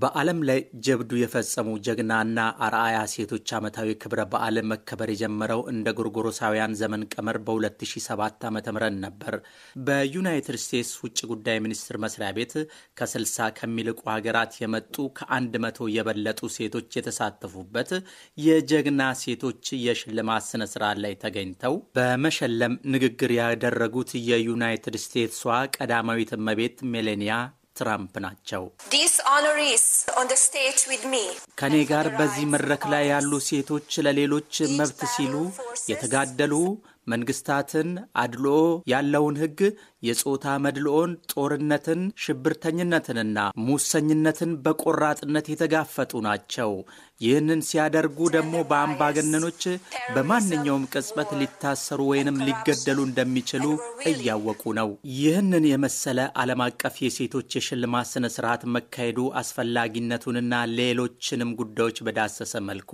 በዓለም ላይ ጀብዱ የፈጸሙ ጀግናና አርአያ ሴቶች ዓመታዊ ክብረ በዓል መከበር የጀመረው እንደ ጎርጎሮሳውያን ዘመን ቀመር በ2007 ዓ ም ነበር። በዩናይትድ ስቴትስ ውጭ ጉዳይ ሚኒስቴር መስሪያ ቤት ከ60 ከሚልቁ ሀገራት የመጡ ከ100 የበለጡ ሴቶች የተሳተፉበት የጀግና ሴቶች የሽልማት ስነ ስርዓት ላይ ተገኝተው በመሸለም ንግግር ያደረጉት የዩናይትድ ስቴትሷ ቀዳማዊት እመቤት ሜሌኒያ ትራምፕ ናቸው። ከእኔ ጋር በዚህ መድረክ ላይ ያሉ ሴቶች ለሌሎች መብት ሲሉ የተጋደሉ መንግስታትን፣ አድልኦ ያለውን ህግ፣ የጾታ መድልኦን፣ ጦርነትን፣ ሽብርተኝነትንና ሙሰኝነትን በቆራጥነት የተጋፈጡ ናቸው። ይህንን ሲያደርጉ ደግሞ በአምባገነኖች በማንኛውም ቅጽበት ሊታሰሩ ወይንም ሊገደሉ እንደሚችሉ እያወቁ ነው። ይህንን የመሰለ ዓለም አቀፍ የሴቶች የሽልማት ስነ ስርዓት መካሄዱ አስፈላጊነቱንና ሌሎችንም ጉዳዮች በዳሰሰ መልኩ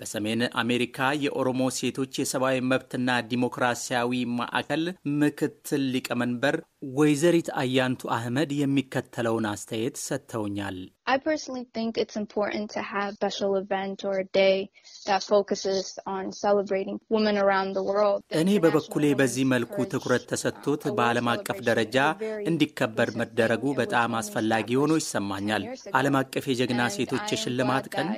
በሰሜን አሜሪካ የኦሮሞ ሴቶች የሰብአዊ መብትና ዲሞክራሲያዊ ማዕከል ምክትል ሊቀመንበር ወይዘሪት አያንቱ አህመድ የሚከተለውን አስተያየት ሰጥተውኛል። እኔ በበኩሌ በዚህ መልኩ ትኩረት ተሰጥቶት በዓለም አቀፍ ደረጃ እንዲከበር መደረጉ በጣም አስፈላጊ ሆኖ ይሰማኛል። ዓለም አቀፍ የጀግና ሴቶች የሽልማት ቀን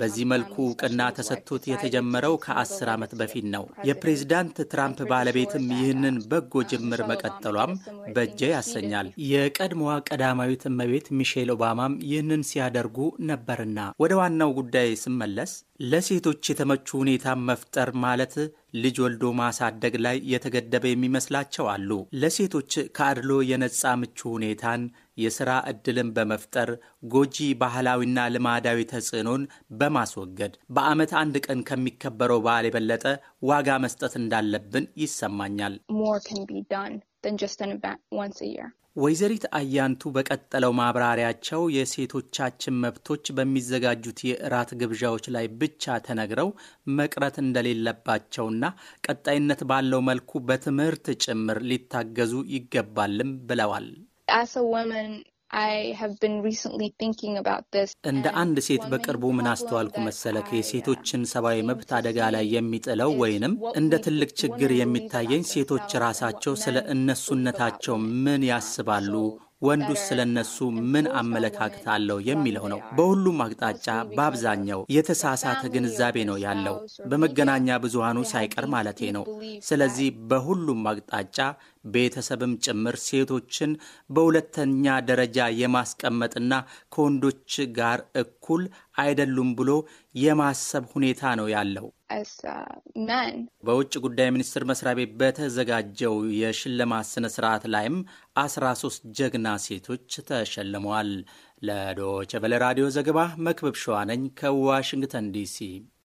በዚህ መልኩ እውቅና ተሰጥቶት የተጀመረው ከአስር ዓመት በፊት ነው። የፕሬዝዳንት ትራምፕ ባለቤትም ይህንን በጎ ጅምር መቀጠሏም በእጀ ያሰኛል። የቀድሞዋ ቀዳማዊት እመቤት ሚሼል ኦባማም ይህንን ሲያደርጉ ነበርና። ወደ ዋናው ጉዳይ ስመለስ ለሴቶች የተመቹ ሁኔታ መፍጠር ማለት ልጅ ወልዶ ማሳደግ ላይ የተገደበ የሚመስላቸው አሉ። ለሴቶች ከአድሎ የነጻ ምቹ ሁኔታን የሥራ ዕድልን በመፍጠር ጎጂ ባህላዊና ልማዳዊ ተጽዕኖን በማስወገድ በዓመት አንድ ቀን ከሚከበረው በዓል የበለጠ ዋጋ መስጠት እንዳለብን ይሰማኛል። ወይዘሪት አያንቱ በቀጠለው ማብራሪያቸው የሴቶቻችን መብቶች በሚዘጋጁት የእራት ግብዣዎች ላይ ብቻ ተነግረው መቅረት እንደሌለባቸውና ቀጣይነት ባለው መልኩ በትምህርት ጭምር ሊታገዙ ይገባልም ብለዋል። as a woman እንደ አንድ ሴት በቅርቡ ምን አስተዋልኩ መሰለክ? የሴቶችን ሰብአዊ መብት አደጋ ላይ የሚጥለው ወይንም እንደ ትልቅ ችግር የሚታየኝ ሴቶች ራሳቸው ስለ እነሱነታቸው ምን ያስባሉ ወንዱስ ስለ እነሱ ምን አመለካከት አለው የሚለው ነው። በሁሉም አቅጣጫ በአብዛኛው የተሳሳተ ግንዛቤ ነው ያለው፣ በመገናኛ ብዙሃኑ ሳይቀር ማለቴ ነው። ስለዚህ በሁሉም አቅጣጫ ቤተሰብም ጭምር ሴቶችን በሁለተኛ ደረጃ የማስቀመጥና ከወንዶች ጋር እኩል አይደሉም ብሎ የማሰብ ሁኔታ ነው ያለው። Uh, በውጭ ጉዳይ ሚኒስቴር መስሪያ ቤት በተዘጋጀው የሽልማት ስነ ስርዓት ላይም 13 ጀግና ሴቶች ተሸልመዋል። ለዶቸ ራዲዮ ዘገባ መክበብ ሸዋነኝ ከዋሽንግተን ዲሲ